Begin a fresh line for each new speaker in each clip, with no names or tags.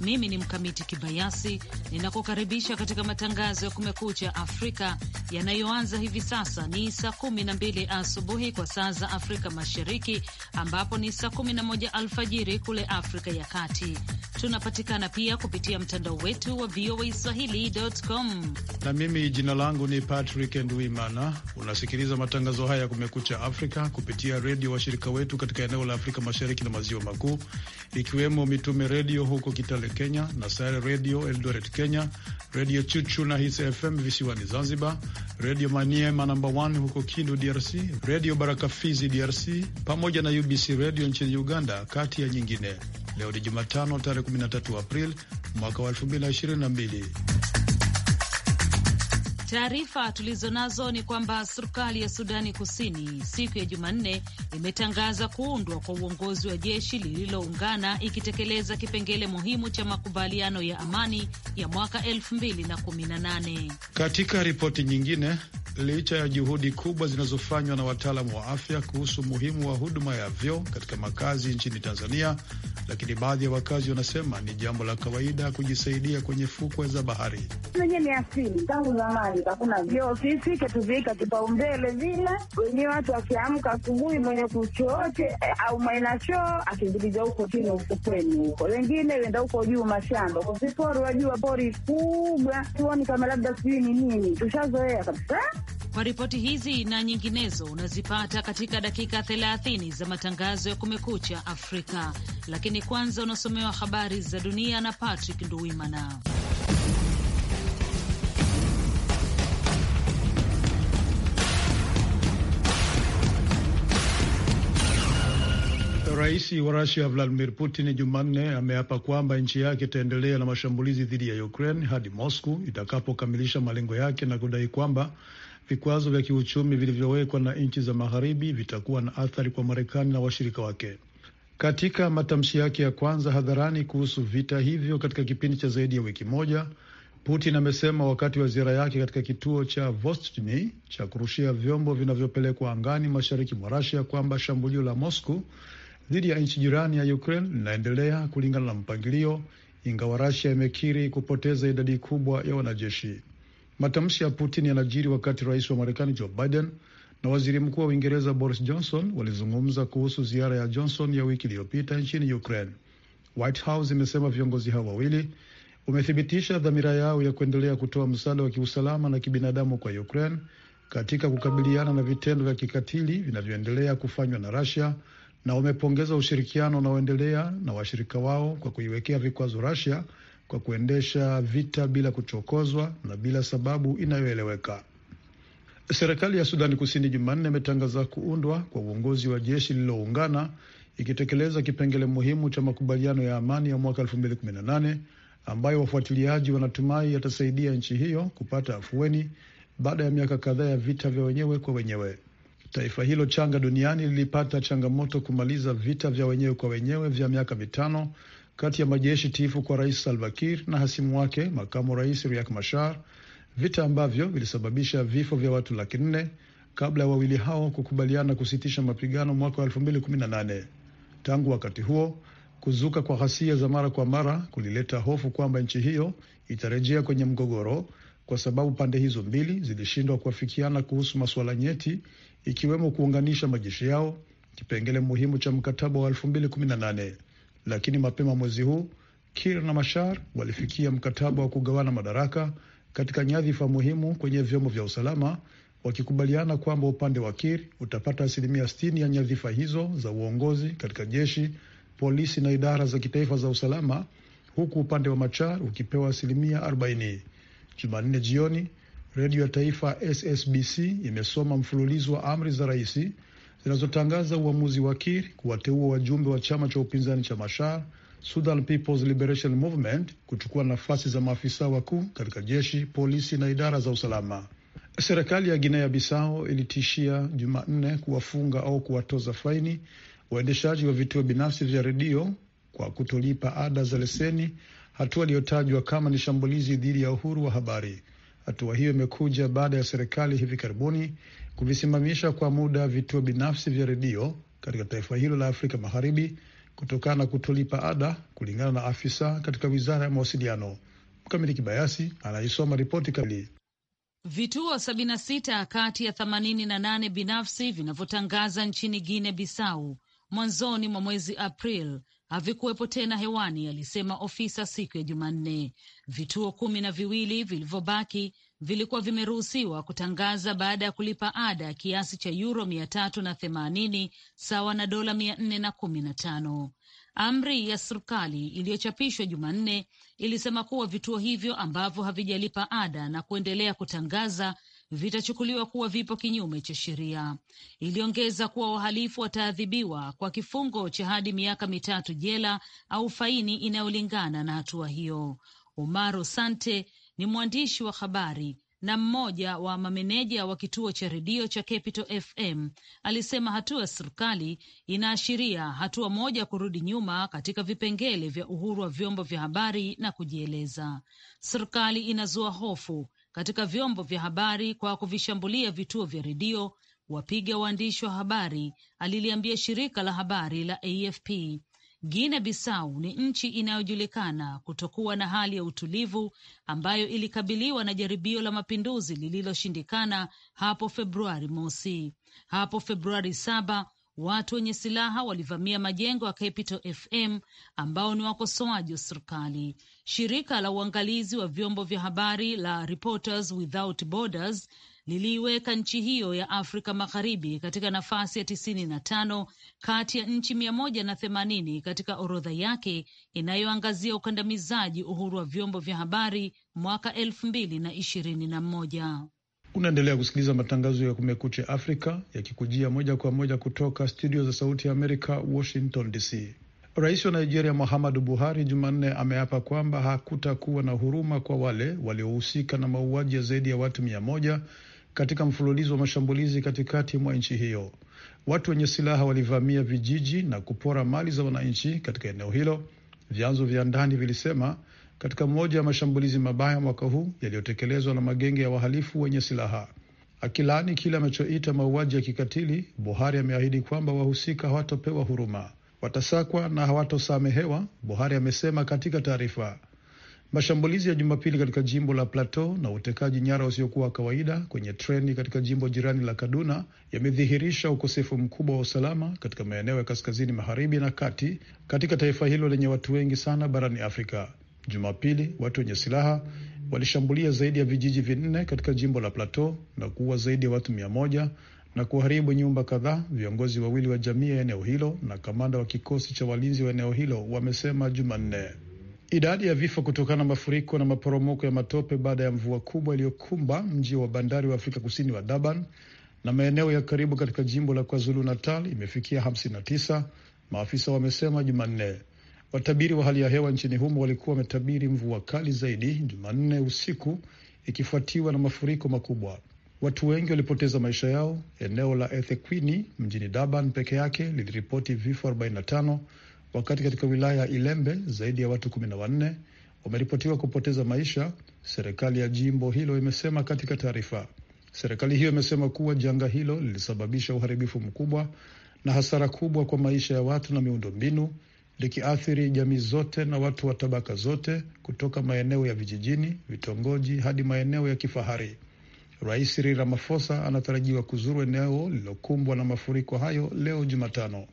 Mimi ni Mkamiti Kibayasi, ninakukaribisha katika matangazo ya Kumekucha Afrika yanayoanza hivi sasa. Ni saa kumi na mbili asubuhi kwa saa za Afrika Mashariki, ambapo ni saa moja alfajiri kule Afrika ya Kati. Tunapatikana pia kupitia mtandao wetu wa VOA Swahili.com.
Na mimi jina langu ni Patrick nduimana Unasikiliza matangazo haya ya Kumekucha Afrika kupitia redio washirika wetu katika eneo la Afrika Mashariki na Maziwa Makuu, ikiwemo Mitume Redio huko Kitale, Kenya, na Sayare Redio Eldoret, Kenya, Redio Chuchu na His FM visiwani Zanzibar, Redio Maniema namba 1 huko Kindu, DRC, Redio Baraka Fizi, DRC, pamoja na UBC Redio nchini Uganda, kati ya nyingine. Leo ni Jumatano tarehe 13 Aprili mwaka wa 2022.
Taarifa tulizo nazo ni kwamba serikali ya Sudani Kusini siku ya Jumanne imetangaza kuundwa kwa uongozi wa jeshi lililoungana ikitekeleza kipengele muhimu cha makubaliano ya amani ya mwaka 2018.
Katika ripoti nyingine, licha ya juhudi kubwa zinazofanywa na wataalamu wa afya kuhusu umuhimu wa huduma ya vyoo katika makazi nchini Tanzania, lakini baadhi ya wakazi wanasema ni jambo la kawaida kujisaidia kwenye fukwe za bahari.
Ni asili tangu zamani kuna Hakuna sisi ketuvika kipaumbele vile wenyewe, watu wakiamka asubuhi, mwenye kuchoote eh, au mwaina choo huko chini ufukweni huko, wengine wenda huko juu mashamba, kwa viporu wajua pori kubwa, tuoni kama labda sijui ni nini, tushazoea kabisa. Eh?
Kwa ripoti hizi na nyinginezo unazipata katika dakika 30 za matangazo ya Kumekucha Afrika, lakini kwanza unasomewa habari za dunia na Patrick Nduwimana.
Rais wa Rusia Vladimir Putin Jumanne ameapa kwamba nchi yake itaendelea na mashambulizi dhidi ya Ukraine hadi Moscow itakapokamilisha malengo yake na kudai kwamba vikwazo vya kiuchumi vilivyowekwa na nchi za magharibi vitakuwa na athari kwa Marekani na washirika wake. Katika matamshi yake ya kwanza hadharani kuhusu vita hivyo katika kipindi cha zaidi ya wiki moja, Putin amesema wakati wa ziara yake katika kituo cha Vostochny cha kurushia vyombo vinavyopelekwa angani mashariki mwa rasia kwamba shambulio la Moscow dhidi ya nchi jirani ya Ukraine linaendelea kulingana na mpangilio, ingawa Russia imekiri kupoteza idadi kubwa ya wanajeshi. Matamshi ya Putin yanajiri wakati rais wa Marekani Joe Biden na waziri mkuu wa Uingereza Boris Johnson walizungumza kuhusu ziara ya Johnson ya wiki iliyopita nchini Ukraine. White House imesema viongozi hao wawili umethibitisha dhamira yao ya kuendelea kutoa msaada wa kiusalama na kibinadamu kwa Ukraine katika kukabiliana na vitendo vya kikatili vinavyoendelea kufanywa na Russia na wamepongeza ushirikiano unaoendelea na washirika wao kwa kuiwekea vikwazo rasia kwa kuendesha vita bila kuchokozwa na bila sababu inayoeleweka. Serikali ya Sudani Kusini Jumanne imetangaza kuundwa kwa uongozi wa jeshi lililoungana ikitekeleza kipengele muhimu cha makubaliano ya amani ya mwaka 2018 ambayo wafuatiliaji wanatumai yatasaidia nchi hiyo kupata afueni baada ya miaka kadhaa ya vita vya wenyewe kwa wenyewe. Taifa hilo changa duniani lilipata changamoto kumaliza vita vya wenyewe kwa wenyewe vya miaka mitano kati ya majeshi tiifu kwa Rais Salva Kiir na hasimu wake makamu rais Riek Machar, vita ambavyo vilisababisha vifo vya watu laki nne kabla ya wawili hao kukubaliana kusitisha mapigano mwaka wa Tangu wakati huo kuzuka kwa ghasia za mara kwa mara kulileta hofu kwamba nchi hiyo itarejea kwenye mgogoro, kwa sababu pande hizo mbili zilishindwa kuafikiana kuhusu masuala nyeti ikiwemo kuunganisha majeshi yao, kipengele muhimu cha mkataba wa 2018. Lakini mapema mwezi huu Kir na Mashar walifikia mkataba wa kugawana madaraka katika nyadhifa muhimu kwenye vyombo vya usalama, wakikubaliana kwamba upande wa Kir utapata asilimia 60 ya nyadhifa hizo za uongozi katika jeshi, polisi na idara za kitaifa za usalama, huku upande wa Machar ukipewa asilimia 40. Jumanne jioni redio ya taifa SSBC imesoma mfululizo wa amri za raisi zinazotangaza uamuzi wa Kiir kuwateua wajumbe wa chama cha upinzani cha Mashar, Sudan People's Liberation Movement, kuchukua nafasi za maafisa wakuu katika jeshi, polisi na idara za usalama. Serikali ya Guinea Bissau ilitishia Jumanne kuwafunga au kuwatoza faini waendeshaji wa vituo binafsi vya redio kwa kutolipa ada za leseni, hatua iliyotajwa kama ni shambulizi dhidi ya uhuru wa habari. Hatua hiyo imekuja baada ya serikali hivi karibuni kuvisimamisha kwa muda vituo binafsi vya redio katika taifa hilo la Afrika Magharibi kutokana na kutolipa ada, kulingana na afisa katika wizara ya mawasiliano. Mkamili Kibayasi anaisoma ripoti kamili.
Vituo 76 kati ya 88 binafsi vinavyotangaza nchini Guinea Bissau mwanzoni mwa mwezi April havikuwepo tena hewani, alisema ofisa siku ya Jumanne. Vituo kumi na viwili vilivyobaki vilikuwa vimeruhusiwa kutangaza baada ya kulipa ada ya kiasi cha yuro mia tatu na themanini sawa na dola mia nne na kumi na tano. Amri ya serikali iliyochapishwa Jumanne ilisema kuwa vituo hivyo ambavyo havijalipa ada na kuendelea kutangaza vitachukuliwa kuwa vipo kinyume cha sheria. Iliongeza kuwa wahalifu wataadhibiwa kwa kifungo cha hadi miaka mitatu jela au faini inayolingana na hatua hiyo. Omaro Sante ni mwandishi wa habari na mmoja wa mameneja wa kituo cha redio cha Capital FM alisema hatua ya serikali inaashiria hatua moja kurudi nyuma katika vipengele vya uhuru wa vyombo vya habari na kujieleza. Serikali inazua hofu katika vyombo vya habari kwa kuvishambulia vituo vya redio, wapiga waandishi wa habari, aliliambia shirika la habari la AFP. Guinea Bissau ni nchi inayojulikana kutokuwa na hali ya utulivu ambayo ilikabiliwa na jaribio la mapinduzi lililoshindikana hapo Februari mosi. Hapo Februari saba watu wenye silaha walivamia majengo ya Capital FM ambao ni wakosoaji wa serikali. Shirika la uangalizi wa vyombo vya habari la Reporters Without Borders liliiweka nchi hiyo ya Afrika Magharibi katika nafasi ya tisini na tano kati ya nchi mia moja na themanini katika orodha yake inayoangazia ukandamizaji uhuru wa vyombo vya habari mwaka elfu mbili na ishirini na moja.
Unaendelea kusikiliza matangazo ya Kumekucha Afrika yakikujia moja kwa moja kutoka studio za Sauti ya Amerika, Washington DC. Rais wa Nigeria Muhammadu Buhari Jumanne ameapa kwamba hakutakuwa na huruma kwa wale waliohusika na mauaji ya zaidi ya watu mia moja katika mfululizo wa mashambulizi katikati mwa nchi hiyo. Watu wenye silaha walivamia vijiji na kupora mali za wananchi katika eneo hilo, vyanzo vya ndani vilisema, katika moja ya mashambulizi mabaya mwaka huu yaliyotekelezwa na magenge ya wahalifu wenye silaha. Akilaani kile anachoita mauaji ya kikatili, Buhari ameahidi kwamba wahusika hawatopewa huruma, watasakwa na hawatosamehewa, Buhari amesema katika taarifa. Mashambulizi ya Jumapili katika jimbo la Plateau na utekaji nyara usiokuwa wa kawaida kwenye treni katika jimbo jirani la Kaduna yamedhihirisha ukosefu mkubwa wa usalama katika maeneo ya kaskazini magharibi na kati katika taifa hilo lenye watu wengi sana barani Afrika. Jumapili watu wenye silaha walishambulia zaidi ya vijiji vinne katika jimbo la Plateau na kuua zaidi ya watu mia moja na kuharibu nyumba kadhaa. Viongozi wawili wa jamii ya eneo hilo na kamanda wa kikosi cha walinzi wa eneo hilo wamesema Jumanne. Idadi ya vifo kutokana na mafuriko na maporomoko ya matope baada ya mvua kubwa iliyokumba mji wa bandari wa Afrika Kusini wa Durban na maeneo ya karibu katika jimbo la KwaZulu Natal imefikia 59, maafisa wamesema Jumanne. Watabiri wa hali ya hewa nchini humo walikuwa wametabiri mvua kali zaidi Jumanne usiku ikifuatiwa na mafuriko makubwa. Watu wengi walipoteza maisha yao. Eneo la Ethekwini mjini Durban peke yake liliripoti vifo 45 wakati katika wilaya ya Ilembe zaidi ya watu 14 wameripotiwa kupoteza maisha, serikali ya jimbo hilo imesema katika taarifa. Serikali hiyo imesema kuwa janga hilo lilisababisha uharibifu mkubwa na hasara kubwa kwa maisha ya watu na miundombinu likiathiri jamii zote na watu wa tabaka zote kutoka maeneo ya vijijini, vitongoji hadi maeneo ya kifahari. Rais Cyril Ramaphosa anatarajiwa kuzuru eneo lililokumbwa na mafuriko hayo leo Jumatano.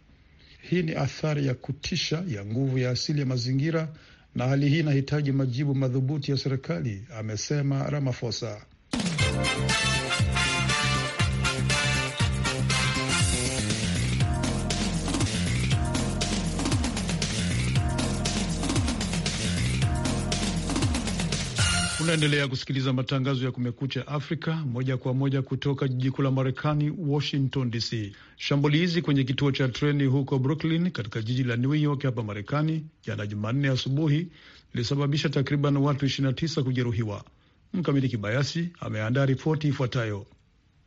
Hii ni athari ya kutisha ya nguvu ya asili ya mazingira na hali hii inahitaji majibu madhubuti ya serikali, amesema Ramaphosa. Unaendelea kusikiliza matangazo ya Kumekucha Afrika moja kwa moja kutoka jiji kuu la Marekani, Washington DC. Shambulizi kwenye kituo cha treni huko Brooklyn katika jiji la New York hapa Marekani jana Jumanne asubuhi lilisababisha takriban watu 29 kujeruhiwa. Mkamiti Kibayasi ameandaa ripoti ifuatayo.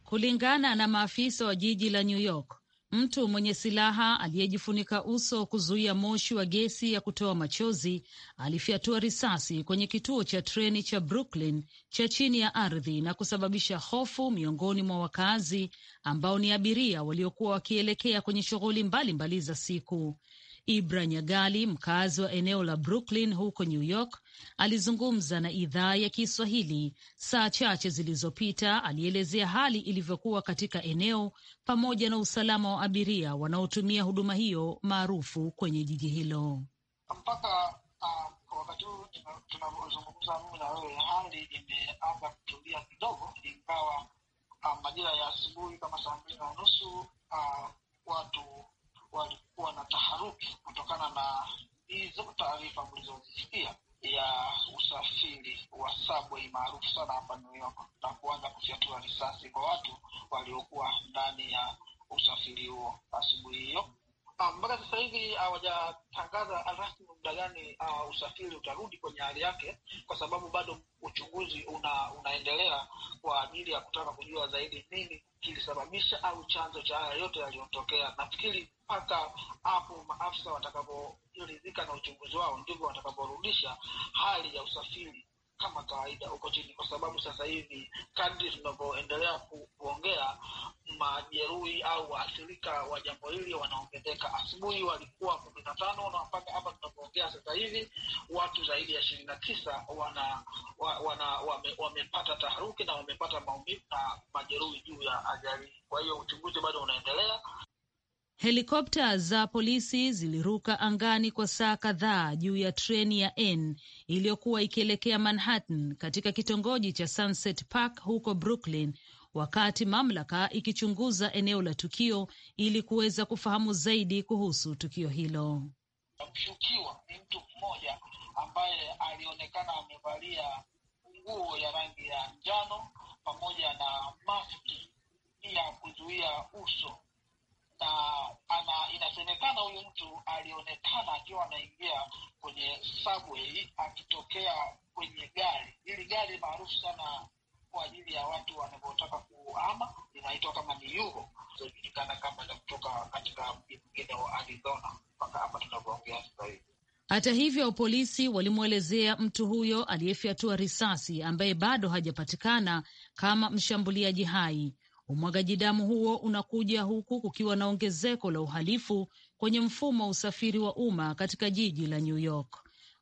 Kulingana na maafisa wa jiji la New York, Mtu mwenye silaha aliyejifunika uso kuzuia moshi wa gesi ya kutoa machozi alifyatua risasi kwenye kituo cha treni cha Brooklyn cha chini ya ardhi na kusababisha hofu miongoni mwa wakazi ambao ni abiria waliokuwa wakielekea kwenye shughuli mbalimbali za siku. Ibra Nyagali, mkazi wa eneo la Brooklyn huko New York, alizungumza na idhaa ya Kiswahili saa chache zilizopita. Alielezea hali ilivyokuwa katika eneo pamoja na usalama wa abiria wanaotumia huduma hiyo maarufu kwenye jiji hilo. Mpaka uh,
wakati huu tunavyozungumza mimi na wewe, hali imeanza kutulia kidogo, ingawa ah, majira ya asubuhi kama saa mbili na nusu ah, watu walikuwa na taharuki kutokana na hizo taarifa mlizozisikia ya usafiri wa subway maarufu sana hapa New York na kuanza kufyatua risasi kwa watu waliokuwa ndani ya usafiri huo asubuhi hiyo. Ah, mpaka sasa hivi hawajatangaza rasmi muda gani uh, usafiri utarudi kwenye hali yake, kwa sababu bado uchunguzi una, unaendelea kwa ajili ya kutaka kujua zaidi nini kilisababisha au chanzo cha haya yote yaliyotokea. Nafikiri mpaka hapo maafisa watakaporidhika na uchunguzi wao, ndivyo watakaporudisha hali ya usafiri kama kawaida huko chini, kwa sababu sasa hivi kadri tunavyoendelea kuongea, majeruhi au waathirika wa jambo hili wanaongezeka. Asubuhi walikuwa kumi na tano na mpaka hapa tunavyoongea sasa hivi watu zaidi ya ishirini na tisa wana, wa, wana wame, wamepata taharuki na wamepata maumivu na majeruhi juu ya ajali. Kwa hiyo uchunguzi bado unaendelea.
Helikopta za polisi ziliruka angani kwa saa kadhaa juu ya treni ya N iliyokuwa ikielekea Manhattan katika kitongoji cha Sunset Park huko Brooklyn, wakati mamlaka ikichunguza eneo la tukio ili kuweza kufahamu zaidi kuhusu tukio hilo.
Mshukiwa ni mtu mmoja ambaye alionekana amevalia nguo ya rangi ya njano pamoja na maski ya kuzuia uso ana, inasemekana huyu mtu alionekana akiwa anaingia kwenye subway akitokea kwenye gari hili gari maarufu sana kwa ajili ya watu wanavyotaka kuama inaitwa kama ni yuro inajulikana kama la kutoka katika mji mwingine wa Arizona mpaka hapa tunavyoongea sasa hivi.
Hata hivyo polisi walimwelezea mtu huyo aliyefyatua risasi ambaye bado hajapatikana kama mshambuliaji hai. Umwagaji damu huo unakuja huku kukiwa na ongezeko la uhalifu kwenye mfumo wa usafiri wa umma katika jiji la New York.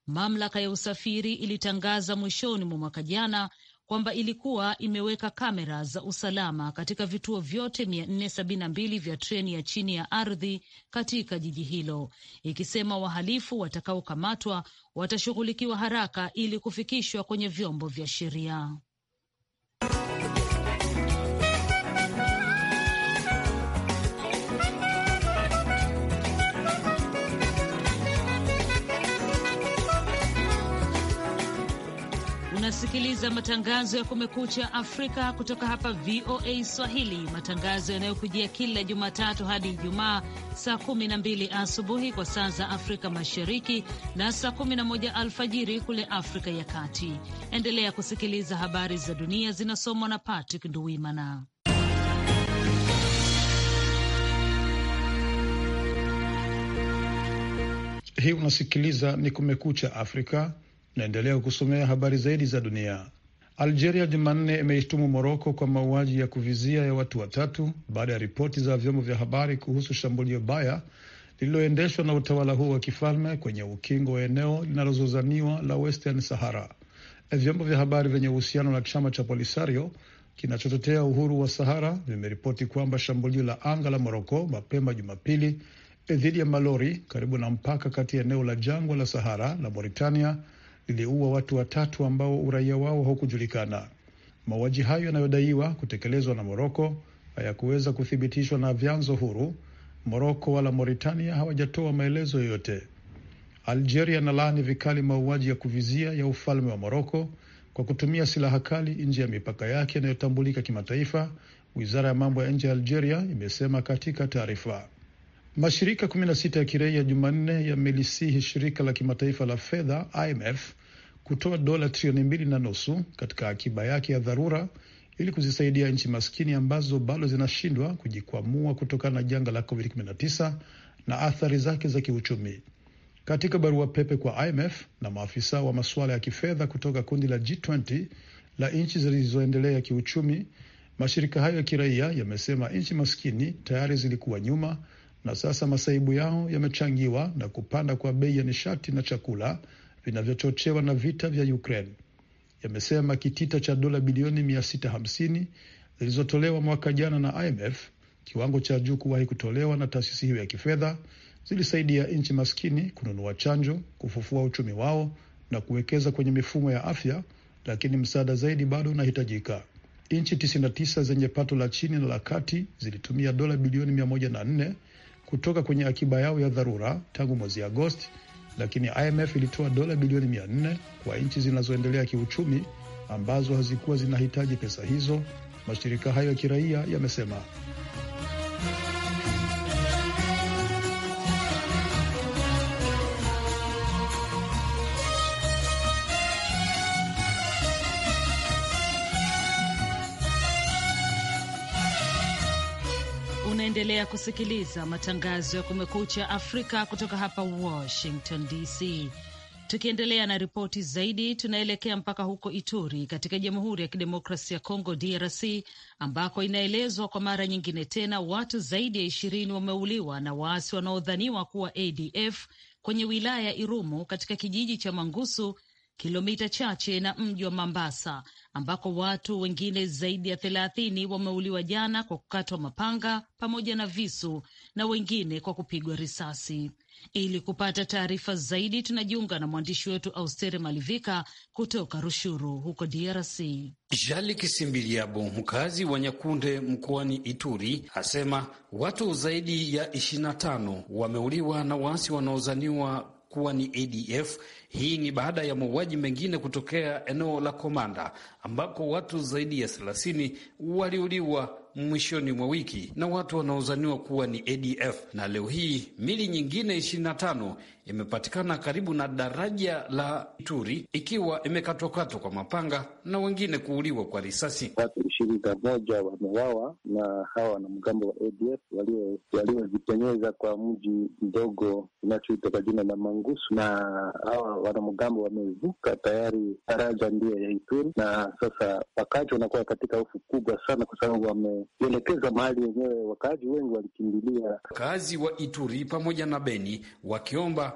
Mamlaka ya usafiri ilitangaza mwishoni mwa mwaka jana kwamba ilikuwa imeweka kamera za usalama katika vituo vyote 472 vya treni ya chini ya ardhi katika jiji hilo, ikisema wahalifu watakaokamatwa watashughulikiwa haraka ili kufikishwa kwenye vyombo vya sheria. Unasikiliza matangazo ya Kumekucha Afrika kutoka hapa VOA Swahili, matangazo yanayokujia kila Jumatatu hadi Ijumaa saa 12 asubuhi kwa saa za Afrika Mashariki na saa 11 alfajiri kule Afrika ya Kati. Endelea kusikiliza habari za dunia zinasomwa na Patrick Nduwimana.
Hii unasikiliza ni Kumekucha Afrika Naendelea kusomea habari zaidi za dunia. Algeria Jumanne imeishtumu Moroko kwa mauaji ya kuvizia ya watu watatu baada ya ripoti za vyombo vya habari kuhusu shambulio baya lililoendeshwa na utawala huo wa kifalme kwenye ukingo wa eneo linalozozaniwa la Western Sahara. Eh, vyombo vya habari vyenye uhusiano na chama cha Polisario kinachotetea uhuru wa Sahara vimeripoti kwamba shambulio la anga la Moroko mapema Jumapili eh, dhidi ya malori karibu na mpaka kati ya eneo la jangwa la Sahara la Mauritania liliua watu watatu ambao uraia wao haukujulikana. Mauaji hayo yanayodaiwa kutekelezwa na Moroko hayakuweza kuthibitishwa na vyanzo huru. Moroko wala Mauritania hawajatoa maelezo yoyote. Algeria inalaani vikali mauaji ya kuvizia ya ufalme wa Moroko kwa kutumia silaha kali nje ya mipaka yake inayotambulika kimataifa, wizara ya mambo ya nje ya Algeria imesema katika taarifa. Mashirika 16 ya kiraia Jumanne yamelisihi shirika la kimataifa la fedha IMF kutoa dola trilioni mbili na nusu katika akiba yake ya dharura ili kuzisaidia nchi maskini ambazo bado zinashindwa kujikwamua kutokana na janga la COVID-19 na athari zake za kiuchumi. Katika barua pepe kwa IMF na maafisa wa masuala ya kifedha kutoka kundi la G20 la nchi zilizoendelea kiuchumi, mashirika hayo ya kiraia yamesema nchi maskini tayari zilikuwa nyuma na sasa masaibu yao yamechangiwa na kupanda kwa bei ya nishati na chakula vinavyochochewa na vita vya Ukraine. Yamesema kitita cha dola bilioni 650 zilizotolewa mwaka jana na IMF, kiwango cha juu kuwahi kutolewa na taasisi hiyo ya kifedha, zilisaidia nchi maskini kununua chanjo, kufufua uchumi wao na kuwekeza kwenye mifumo ya afya, lakini msaada zaidi bado unahitajika. Nchi 99 zenye pato la chini na la kati zilitumia dola bilioni 104 kutoka kwenye akiba yao ya dharura tangu mwezi Agosti, lakini IMF ilitoa dola bilioni 4 kwa nchi zinazoendelea kiuchumi ambazo hazikuwa zinahitaji pesa hizo, mashirika hayo ya kiraia yamesema.
Unaendelea kusikiliza matangazo ya Kumekucha Afrika kutoka hapa Washington DC. Tukiendelea na ripoti zaidi, tunaelekea mpaka huko Ituri katika Jamhuri ya Kidemokrasia ya Kongo, DRC, ambako inaelezwa kwa mara nyingine tena watu zaidi ya ishirini wameuliwa na waasi wanaodhaniwa kuwa ADF kwenye wilaya ya Irumu katika kijiji cha Mangusu kilomita chache na mji wa mambasa ambako watu wengine zaidi ya thelathini wameuliwa jana kwa kukatwa mapanga pamoja na visu na wengine kwa kupigwa risasi. Ili kupata taarifa zaidi, tunajiunga na mwandishi wetu Austere Malivika kutoka Rushuru huko DRC.
Jali Kisimbiliabo, mkazi wa Nyakunde mkoani Ituri, asema watu zaidi ya ishirini na tano wameuliwa na waasi wanaozaniwa kuwa ni ADF. Hii ni baada ya mauaji mengine kutokea eneo la Komanda ambako watu zaidi ya 30 waliuliwa mwishoni mwa wiki na watu wanaozaniwa kuwa ni ADF, na leo hii mili nyingine tano imepatikana karibu na daraja la Ituri ikiwa imekatwakatwa kwa mapanga na wengine kuuliwa kwa risasi. Watu ishirini na moja wamewawa na hawa wanamgambo wa ADF
waliojipenyeza kwa mji mdogo unachoitwa kwa jina la Mangusu, na hawa wanamgambo wamevuka tayari daraja ndio ya Ituri, na sasa wakaaji wanakuwa katika hofu kubwa sana, kwa sababu wameelekeza mahali yenyewe wakaaji wengi walikimbilia.
Wakaazi wa Ituri pamoja na Beni wakiomba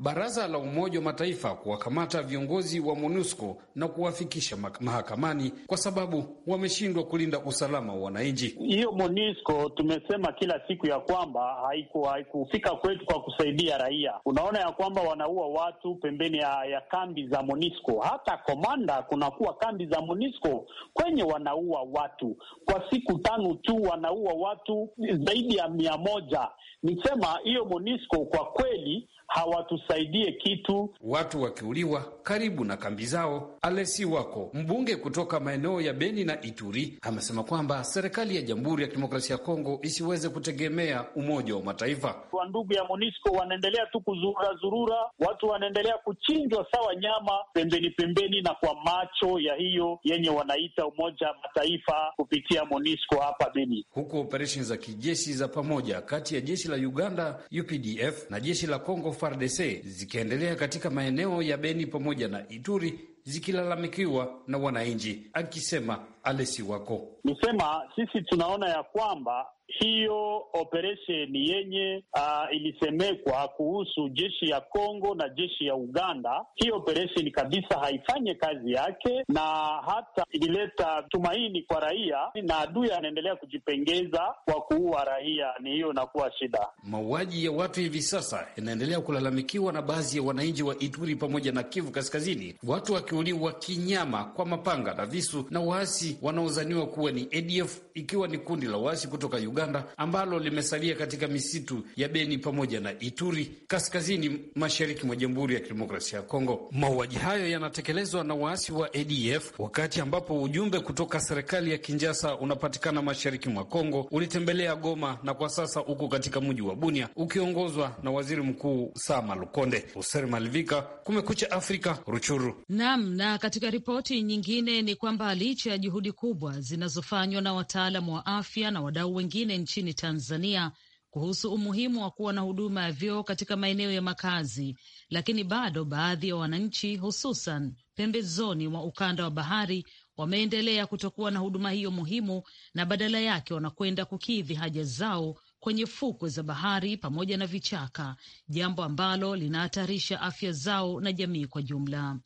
baraza la Umoja wa Mataifa kuwakamata viongozi wa MONUSCO na kuwafikisha mahakamani kwa sababu wameshindwa kulinda usalama wa wananchi. Hiyo MONUSCO tumesema kila siku ya kwamba haikufika haiku kwetu kwa kusaidia raia. Unaona ya kwamba wanaua watu pembeni ya, ya kambi za MONUSCO, hata komanda kunakuwa kambi za MONUSCO kwenye wanaua watu kwa siku tano tu, wanaua watu zaidi ya mia moja. Nisema hiyo MONUSCO kwa kweli hawatu tusaidie kitu. Watu wakiuliwa karibu na kambi zao. Alesi Wako, mbunge kutoka maeneo ya Beni na Ituri, amesema kwamba serikali ya Jamhuri ya Kidemokrasia ya Kongo isiweze kutegemea Umoja wa Mataifa. wa ndugu ya MONUSCO wanaendelea tu zurura watu wanaendelea kuchinjwa sawa nyama pembeni pembeni, na kwa macho ya hiyo yenye wanaita Umoja wa Mataifa kupitia MONUSCO hapa Beni, huku operesheni za kijeshi za pamoja kati ya jeshi la Uganda UPDF na jeshi la Kongo FARDC zikiendelea katika maeneo ya Beni pamoja na Ituri zikilalamikiwa na wananchi, akisema Alesi Wako. Nisema sisi tunaona ya kwamba hiyo operesheni yenye uh, ilisemekwa kuhusu jeshi ya Kongo na jeshi ya Uganda, hiyo operesheni kabisa haifanye kazi yake, na hata ilileta tumaini kwa raia, na adui anaendelea kujipengeza kwa kuua raia, ni hiyo inakuwa shida. Mauaji ya watu hivi sasa yanaendelea kulalamikiwa na baadhi ya wananchi wa Ituri pamoja na Kivu Kaskazini, watu wakiuliwa kinyama kwa mapanga na visu na waasi wanaozaniwa kuwa ni ADF, ikiwa ni kundi la waasi kutoka Uganda ambalo limesalia katika misitu ya Beni pamoja na Ituri, kaskazini mashariki mwa Jamhuri ya Kidemokrasia ya Kongo. Mauaji hayo yanatekelezwa na waasi wa ADF wakati ambapo ujumbe kutoka serikali ya kinjasa unapatikana mashariki mwa Kongo ulitembelea Goma na kwa sasa uko katika mji wa Bunia ukiongozwa na waziri mkuu Sama Lukonde. Useri Malivika, Kumekucha Afrika, Ruchuru.
Naam, na katika ripoti nyingine ni kwamba licha ya juhudi juhudi kubwa zinazofanywa na wataalamu wa afya na wadau wengine nchini Tanzania kuhusu umuhimu wa kuwa na huduma ya vyoo katika maeneo ya makazi, lakini bado baadhi ya wananchi, hususan pembezoni mwa ukanda wa bahari, wameendelea kutokuwa na huduma hiyo muhimu na badala yake wanakwenda kukidhi haja zao kwenye fukwe za bahari pamoja na vichaka, jambo ambalo linahatarisha afya zao na jamii kwa jumla.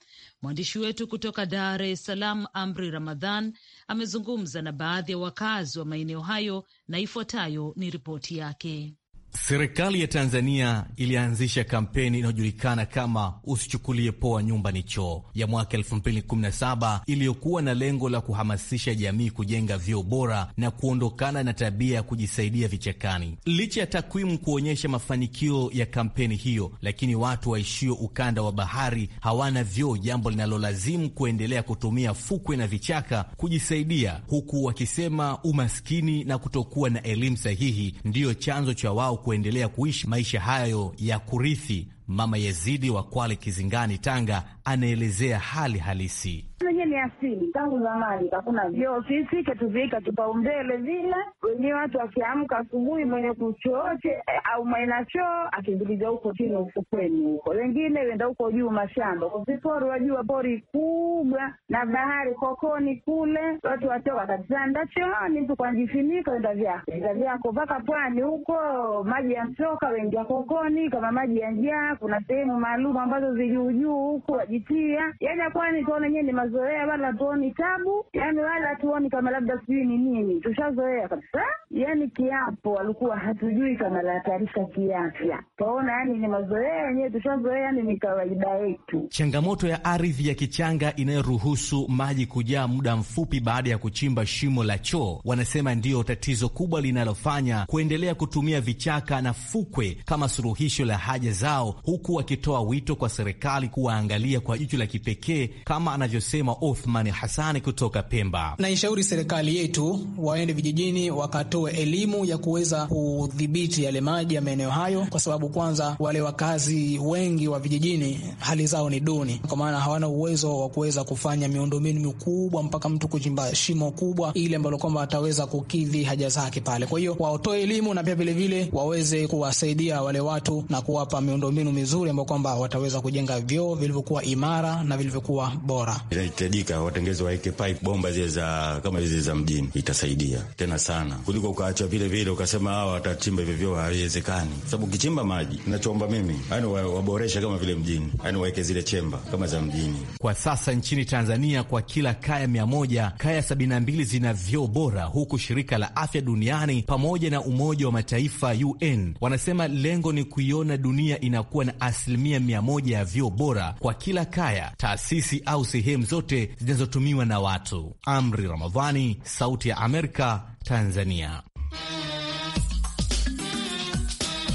Mwandishi wetu kutoka Dar es Salaam, Amri Ramadhan, amezungumza na baadhi ya wakazi wa maeneo hayo na ifuatayo ni ripoti yake.
Serikali ya Tanzania ilianzisha kampeni inayojulikana kama usichukulie poa nyumba ni choo ya mwaka 2017 iliyokuwa na lengo la kuhamasisha jamii kujenga vyoo bora na kuondokana na tabia ya kujisaidia vichakani. Licha ya takwimu kuonyesha mafanikio ya kampeni hiyo, lakini watu waishio ukanda wa bahari hawana vyoo, jambo linalolazimu kuendelea kutumia fukwe na vichaka kujisaidia, huku wakisema umaskini na kutokuwa na elimu sahihi ndiyo chanzo cha wao kuendelea kuishi maisha hayo ya kurithi. Mama Yazidi wa Kwale Kizingani, Tanga, anaelezea hali halisi.
Wenyewe ni asili tangu zamani, hakuna vyoo. Sisi ketuviika kipaumbele vile wenyewe, watu akiamka asubuhi, mwenye kuchoote au mwana choo akimbiliza huko chini ufukweni huko, wengine wenda huko juu mashamba, viporu wajua pori kubwa na bahari kokoni kule, watu watoka katanda chooni, mtu kwanjifinika wenda vyako wenda vyako mpaka pwani huko, maji ya mtoka wengia kokoni. Kama maji ya njaa, kuna sehemu maalum ambazo zijuujuu huku wajitia, yani apwani tuona yenyewe ni tushazoea, wala tuoni tabu, yani wala tuoni kama labda sijui ni nini, tushazoea kabisa. Yani kiapo alikuwa hatujui kama la taarifa kiafya, twaona yani ni mazoea yenyewe, tushazoea, yani ni kawaida yetu.
Changamoto ya ardhi ya kichanga inayoruhusu maji kujaa muda mfupi baada ya kuchimba shimo la choo, wanasema ndiyo tatizo kubwa linalofanya kuendelea kutumia vichaka na fukwe kama suluhisho la haja zao, huku wakitoa wito kwa serikali kuwaangalia kwa jicho la kipekee kama anavyosema anasema Othman Hasani kutoka Pemba. Naishauri serikali yetu waende vijijini wakatoe elimu ya kuweza kudhibiti yale maji ya maeneo hayo, kwa sababu kwanza wale wakazi wengi wa vijijini hali zao ni duni, kwa maana hawana uwezo wa kuweza kufanya miundombinu mikubwa mpaka mtu kuchimba shimo kubwa ili ambalo kwamba ataweza kukidhi haja zake pale. Kwa hiyo watoe elimu na pia vilevile waweze kuwasaidia wale watu na kuwapa miundombinu mizuri ambayo kwamba wataweza kujenga vyoo vilivyokuwa imara na vilivyokuwa bora inahitajika watengeze waeke pipe bomba zile za kama hizi za mjini, itasaidia tena sana kuliko ukaacha vile vile ukasema hawa watachimba hivyo hivyo, haiwezekani. Sababu ukichimba maji, nachoomba mimi yani waboreshe kama vile mjini, yani waweke zile chemba kama za mjini. Kwa sasa nchini Tanzania kwa kila kaya mia moja kaya sabini na mbili zina vyoo bora, huku shirika la afya duniani pamoja na Umoja wa Mataifa UN wanasema lengo ni kuiona dunia inakuwa na asilimia mia moja ya vyoo bora kwa kila kaya, taasisi au sehemu zote zote zinazotumiwa na watu. Amri Ramadhani, Sauti ya Amerika, Tanzania.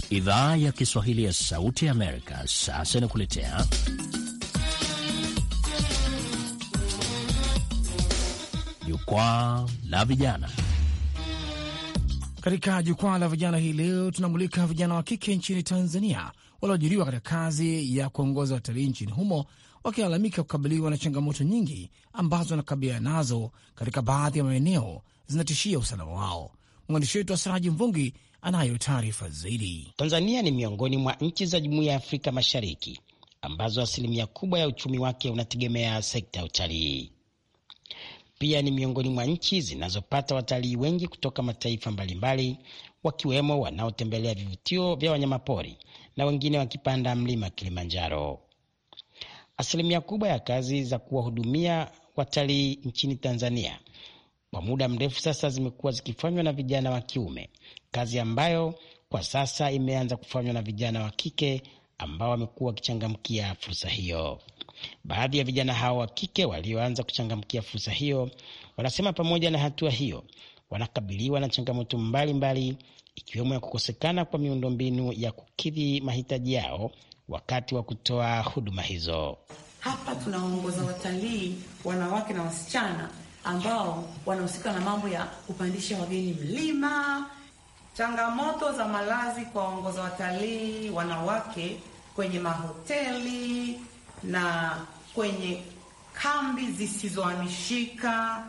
Idhaa ya Kiswahili ya Sauti ya Amerika sasa inakuletea
Jukwaa la Vijana. Katika Jukwaa la Vijana hii leo tunamulika vijana wa kike nchini Tanzania walioajiriwa katika kazi ya kuongoza watalii nchini humo wakilalamika kukabiliwa na changamoto nyingi ambazo wanakabiliana nazo
katika baadhi ya maeneo zinatishia usalama wao. Mwandishi wetu Asiraji Mvungi anayo taarifa zaidi. Tanzania ni miongoni mwa nchi za Jumuiya ya Afrika Mashariki ambazo asilimia kubwa ya uchumi wake unategemea sekta ya utalii. Pia ni miongoni mwa nchi zinazopata watalii wengi kutoka mataifa mbalimbali, wakiwemo wanaotembelea vivutio vya wanyamapori na wengine wakipanda mlima Kilimanjaro asilimia kubwa ya kazi za kuwahudumia watalii nchini Tanzania kwa muda mrefu sasa zimekuwa zikifanywa na vijana wa kiume, kazi ambayo kwa sasa imeanza kufanywa na vijana wa kike ambao wamekuwa wakichangamkia fursa hiyo. Baadhi ya vijana hao wa kike walioanza kuchangamkia fursa hiyo wanasema pamoja na hatua hiyo wanakabiliwa na changamoto mbalimbali ikiwemo ya kukosekana kwa miundombinu ya kukidhi mahitaji yao wakati wa kutoa huduma hizo.
Hapa tunawaongoza watalii wanawake na wasichana ambao wanahusika na mambo ya kupandisha wageni mlima, changamoto za malazi kwa waongoza watalii wanawake kwenye mahoteli na kwenye kambi zisizohamishika.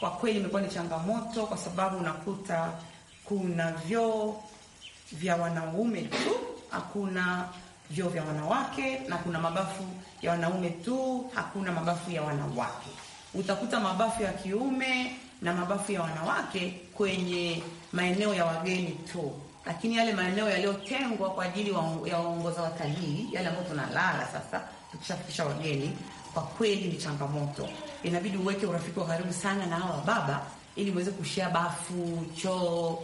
Kwa kweli imekuwa ni changamoto, kwa sababu unakuta kuna vyoo vya wanaume tu, hakuna vyoo vya wanawake na kuna mabafu ya wanaume tu, hakuna mabafu ya wanawake. Utakuta mabafu ya kiume na mabafu ya wanawake kwenye maeneo ya wageni tu, lakini yale maeneo yaliyotengwa kwa ajili wa, ya waongoza watalii, yale ambayo tunalala sasa tukishafikisha wageni, kwa kweli ni changamoto. Inabidi uweke urafiki wa karibu sana na hawa baba ili uweze kushia bafu, choo.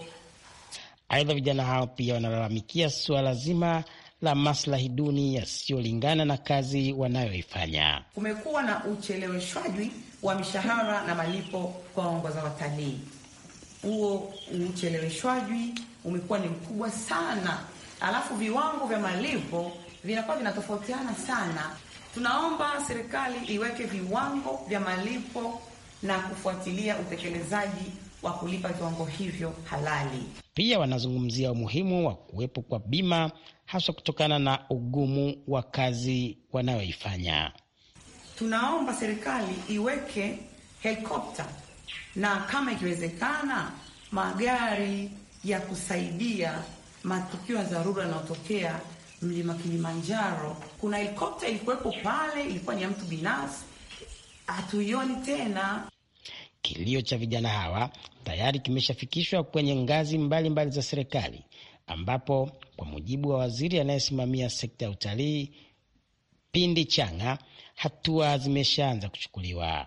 Aidha, vijana hao pia wanalalamikia suala zima la maslahi duni yasiyolingana na kazi wanayoifanya.
Kumekuwa na ucheleweshwaji wa mishahara na malipo kwa waongoza watalii. Huo ucheleweshwaji umekuwa ni mkubwa sana, alafu viwango vya malipo vinakuwa vinatofautiana sana. Tunaomba serikali iweke viwango vya malipo na kufuatilia utekelezaji wa kulipa viwango hivyo halali.
Pia wanazungumzia umuhimu wa kuwepo kwa bima haswa kutokana na ugumu wa kazi wanayoifanya.
Tunaomba serikali iweke helikopta na kama ikiwezekana magari ya kusaidia matukio ya dharura yanayotokea mlima Kilimanjaro. Kuna helikopta ilikuwepo pale, ilikuwa ni ya mtu binafsi, hatuioni tena.
Kilio cha vijana hawa tayari kimeshafikishwa kwenye ngazi mbalimbali mbali za serikali ambapo kwa mujibu wa waziri anayesimamia sekta ya utalii Pindi Chang'a, hatua zimeshaanza kuchukuliwa.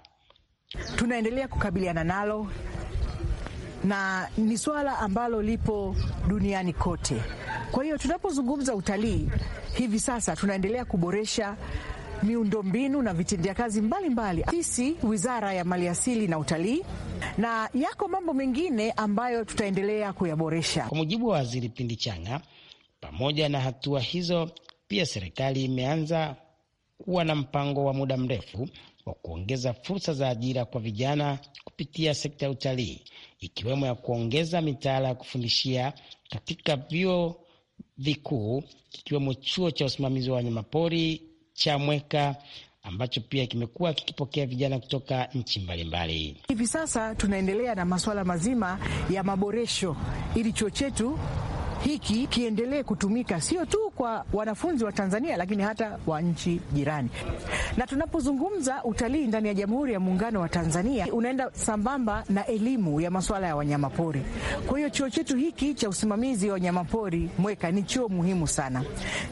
Tunaendelea kukabiliana nalo na ni swala ambalo lipo duniani kote. Kwa hiyo tunapozungumza utalii hivi sasa, tunaendelea kuboresha miundombinu na vitendea kazi mbalimbali. Sisi Wizara ya Maliasili na Utalii na yako mambo mengine ambayo tutaendelea kuyaboresha. Kwa mujibu wa Waziri Pindi Changa, pamoja na hatua hizo, pia serikali imeanza kuwa na mpango wa muda mrefu wa kuongeza fursa za ajira kwa vijana kupitia sekta ya utalii, ikiwemo ya kuongeza mitaala ya kufundishia katika vyuo vikuu, kikiwemo chuo cha usimamizi wa wanyamapori cha Mweka ambacho pia kimekuwa kikipokea vijana kutoka nchi mbalimbali. Hivi sasa tunaendelea na masuala mazima ya maboresho ili chuo chetu hiki kiendelee kutumika sio tu kwa wanafunzi wa Tanzania, lakini hata wa nchi jirani. Na tunapozungumza utalii ndani ya Jamhuri ya Muungano wa Tanzania unaenda sambamba na elimu ya masuala ya wanyamapori. Kwa hiyo chuo chetu hiki cha usimamizi wa wanyamapori Mweka ni chuo muhimu sana.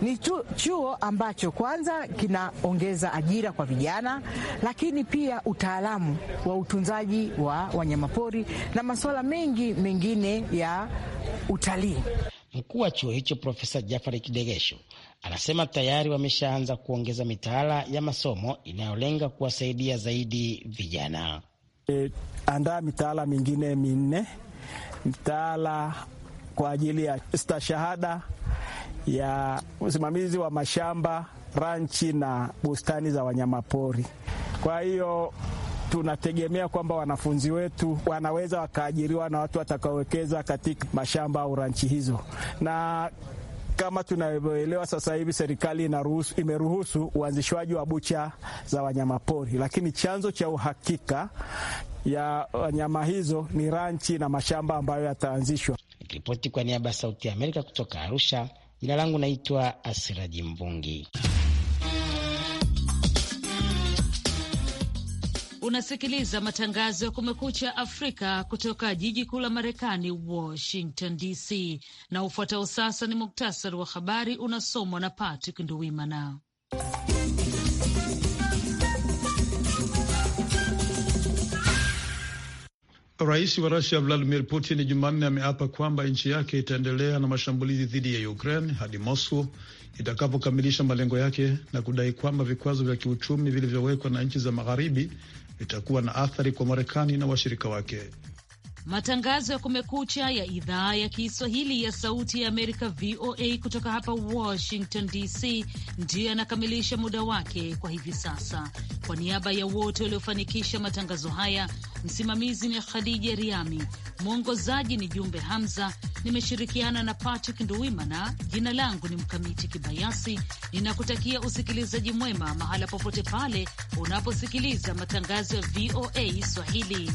Ni chuo ambacho kwanza kinaongeza ajira kwa vijana, lakini pia utaalamu wa utunzaji wa wanyamapori na masuala mengi mengine ya utalii. Mkuu wa chuo hicho Profesa Jafari Kidegesho anasema tayari wameshaanza kuongeza mitaala ya masomo inayolenga kuwasaidia zaidi vijana. E,
andaa mitaala mingine minne, mtaala kwa ajili ya stashahada ya usimamizi wa mashamba, ranchi na bustani za wanyamapori. Kwa hiyo tunategemea kwamba wanafunzi wetu wanaweza wakaajiriwa na watu watakaowekeza katika mashamba au ranchi hizo na kama tunavyoelewa sasa hivi serikali inaruhusu, imeruhusu uanzishwaji wa bucha za wanyamapori, lakini chanzo cha uhakika ya
wanyama hizo ni ranchi na mashamba ambayo yataanzishwa. Ripoti kwa niaba ya Sauti ya Amerika kutoka Arusha, jina langu naitwa Asiraji mbungi
Unasikiliza matangazo ya Kumekucha Afrika kutoka jiji kuu la Marekani, Washington DC, na ufuatao sasa ni muktasari wa habari unasomwa na Patrick Nduwimana.
Rais wa Rusia Vladimir Putin Jumanne ameapa kwamba nchi yake itaendelea na mashambulizi dhidi ya Ukraine hadi Moscow itakapokamilisha malengo yake na kudai kwamba vikwazo vya kiuchumi vilivyowekwa na nchi za magharibi itakuwa na athari kwa Marekani na washirika wake.
Matangazo ya Kumekucha ya idhaa ya Kiswahili ya Sauti ya Amerika, VOA, kutoka hapa Washington DC, ndiyo yanakamilisha muda wake kwa hivi sasa. Kwa niaba ya wote waliofanikisha matangazo haya, msimamizi ni Khadija Riami, mwongozaji ni Jumbe Hamza. Nimeshirikiana na Patrick Nduwimana. Jina langu ni Mkamiti Kibayasi, ninakutakia usikilizaji mwema mahala popote pale unaposikiliza matangazo ya VOA Swahili.